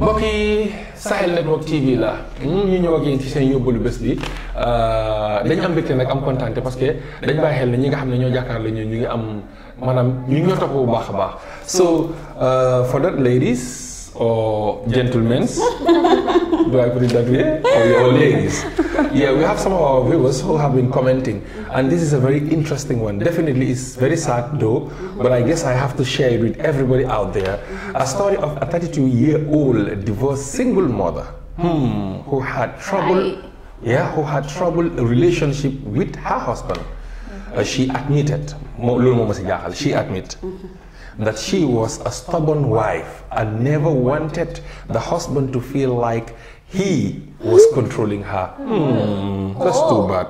mbokk yi Sahel Network TV la hmm, ñu ñëw ak yéen ci seen yóbbalu bés bi euh, dañu am mbégte nag am kontaan parce que dañ bàyyi xel ne ñi nga xam ne ñoo jàkkaar la ñu ngi am maanaam ñu ngi ñoo topp bu baax a baax so euh, for that ladies or gentlemen Do I put it that way? Or, your ladies? Yeah, we have some of our viewers who have been commenting, and this is a very interesting one. Definitely, it's very sad though, but I guess I have to share it with everybody out there. A story of a 32-year-old divorced single mother hmm, who had trouble. Yeah, who had trouble relationship with her husband. Uh, she admitted. She admitted that she was a stubborn wife and never wanted the husband to feel like he was controlling her. Hmm. that's too oh. bad.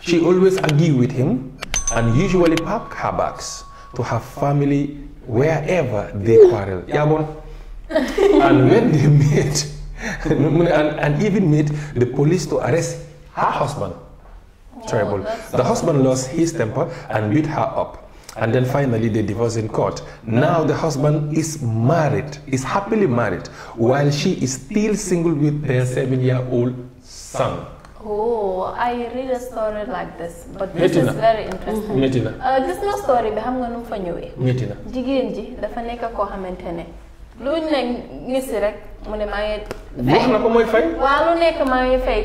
She always argued with him and usually packed her bags to her family wherever they quarrel. and when they met, and, and, even meet the police to arrest her husband. Oh, Terrible. The husband lost his temper and beat her up. And then finally, they divorce in court. Now the husband is married, is happily married, while she is still single with their seven year old son. Oh, I read a story like this, but this is very interesting. Mm-hmm. Uh, this na gis story but I'm gonna fa ñëwee. métti na jigéen ji dafa nekk koo ne lu ne ngisi rek na ko mooy fay. lu nekk maa ngi fay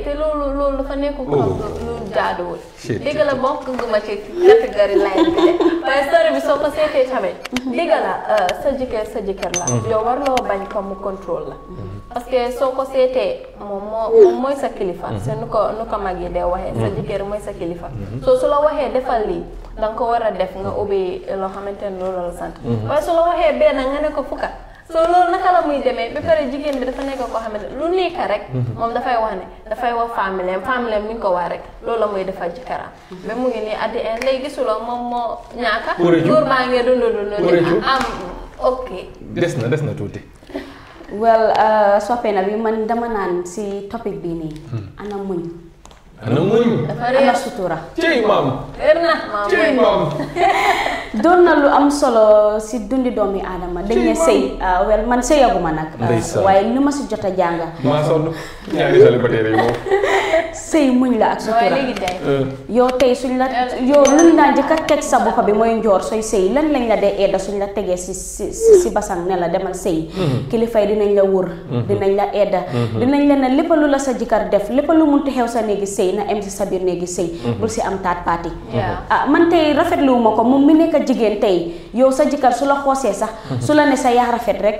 jaaduwul. dëgg la bokk nga ma ci catégorie lay bi soo ko seetee tamit. dëgg la sa jëkkër sa jëkkër la. yow warloo bañ ko mu la. parce que soo ko seetee moom moo mooy sa kilifa. te nu ko nu ko mag yi dee waxee. sa jëkkër mooy sa kilifa. soo su la waxee defal lii da ko war a def nga ubbi loo xamante ne loolu sant. waaye su la waxee benn nga ne ko fukka. so loolu naka la muy demee ba pare jigéen bi dafa nekk koo xamante lu nekk rek mhm. moom dafay wax ne dafay wax familleem familleem mi ngi ko wax rek loolu la muy defal ci karam ba mu ngi nii addi en léegi gisuloo moom moo ñaaka góor baa ngee dund di am ok des na des na tuuti well uh, na bi man dama naan si topic bii nii hmm. ana muñ ana muñ dafa réer ana sutura cëy maam réer na maam cëy maam doon na lu am solo si dundi doomi aadama dañ ne sëy ah, wel man sëyaguma nag ah, waaye li ma si jot a jàng maa sonn ñaari célibataire yi moom sëy muñ la ak sutura euh. yow tey suñ la yow luñ la njëkk a teg sa bopp bi mooy njoor sooy sëy lan lañ la dee edda suñ la tegee si si si basan ne la demal sëy mm-hmm. kilifay dinañ la wër mm-hmm. dinañ la edda mm-hmm. dinañ la ne lépp lu la sa jikkar def léppa lu mun ti xew sa néegi sëy na em si sa biir néegi sëy bul si am taat paati ah man tey rafetluwuma ko moom mi nekk jigéen tey yow sa jikkar su la xoosee sax su la ne sa yaa rafet rek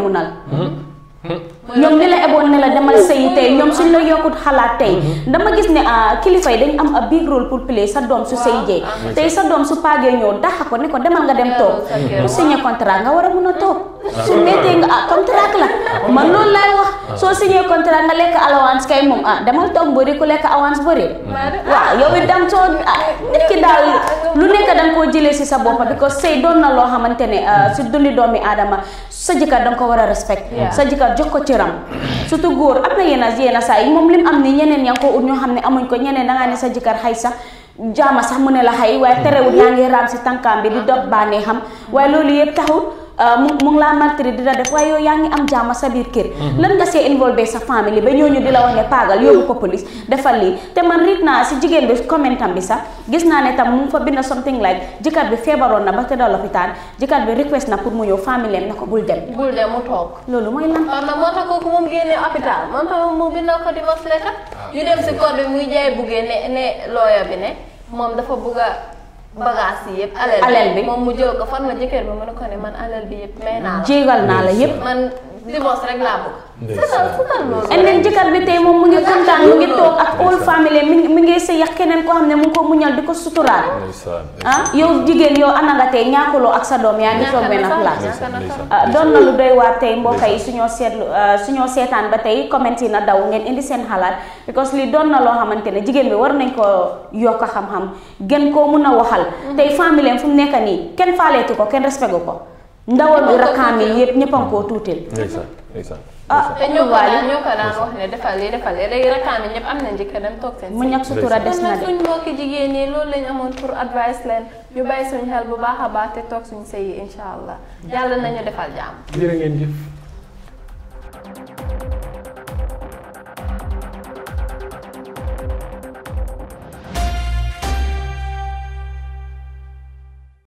tribunal ñoom li la eboon ne la demal sëy tey ñoom suñ la yokkut xalaat tey dama gis ne ah, kilifa yi dañ am a big role pour play sa doom su sëy jee ah. tey sa doom su paagee ñëw daxa ko ne ko demal nga dem toog ku signé contrat nga war a mun a toog ah. su mettee nga ah contrat la man loolu laa Ah. soo signé contrat nga lekk allowance kay moom ah demal toog mbëri ku lekk allowance bëri waaw yow it dam soo nit ki daal lu nekk danga koo jëlee si sa boppa because sëy doon na loo xamante ne si dundi doomi aadama sa jëkkër danga ko war a respect sa jëkkër jox ko ci cëram surtout góor am na yenn yenn saa yi moom mu am ni ñeneen yaa ngi ko ut ñoo xam ne amuñ ko ñeneen dangaa ne sa jëkkër xay sax jaama sax mu ne la xay waaye terewul yaa ngi raam si tànkaam bi di dox bànnee xam waaye Euh, mu ngi laa maltraité dina def waaye yaa ngi am jàmm sa biir kër mhm. lan nga see involvé sa famille ba ñooñu di la wax ne paagal yóbbu ko police defal lii te man rit naa si jigéen bi commentam bi sax gis naa ne tam mu ngi fa bind something like jëkkër bi feebaroon na ba te dal lopitaan jëkkër bi request na pour mu ñëw famille na ko bul dem bul dem mu toog loolu mooy lan ah, moo tax kooku moom génne hôpital moom tam mu bind ko divorce letter ah. ñu dem si code bi muy jaay ne ne lawyer moom dafa bugg a bagages yi yëpp. alal bi moom mu jël fan la jëkkër bi mu ne ko man alal bi yëpp. may naa la jéegal naa la yëpp man. divorce rek laa bëgg. and jëkkër bi tey moom mu ngi kontaan mu ngi toog ak all family mi ngi mi ngi keneen koo xam ne mu ngi ko muñal di ko suturaal. Ah, yow jigéen yow ana nga tey ñàkkuloo ak sa doom yaa ngi toog nag laa ah, doon na lu doy waar tey mbokk yi suñoo seetlu ah, suñoo seetaan ba tey comment yi na daw ngeen indi seen xalaat because li doon na loo xamante ne jigéen bi war nañ ko yokk xam-xam gën koo mun a waxal. Mm-hmm. tey famille fu mu nekk nii kenn faaleetu ko kenn respecté ko. ndawal bi rakkaam yi yëpp ñëpp a koo tuutil. ah te ñu waali ñu ko daan wax ne defal lii defal lii léegi rakkaam yi ñëpp am na njëkk dem toog seen. mu ñàkk sutura des na de suñ mbokki jigéen ñi loolu lañ amoon pour advice leen ñu bàyyi suñu xel bu baax a baax te toog suñu sëy yi incha allah yàlla nañu defal jàmm. jërë ngeen jëf.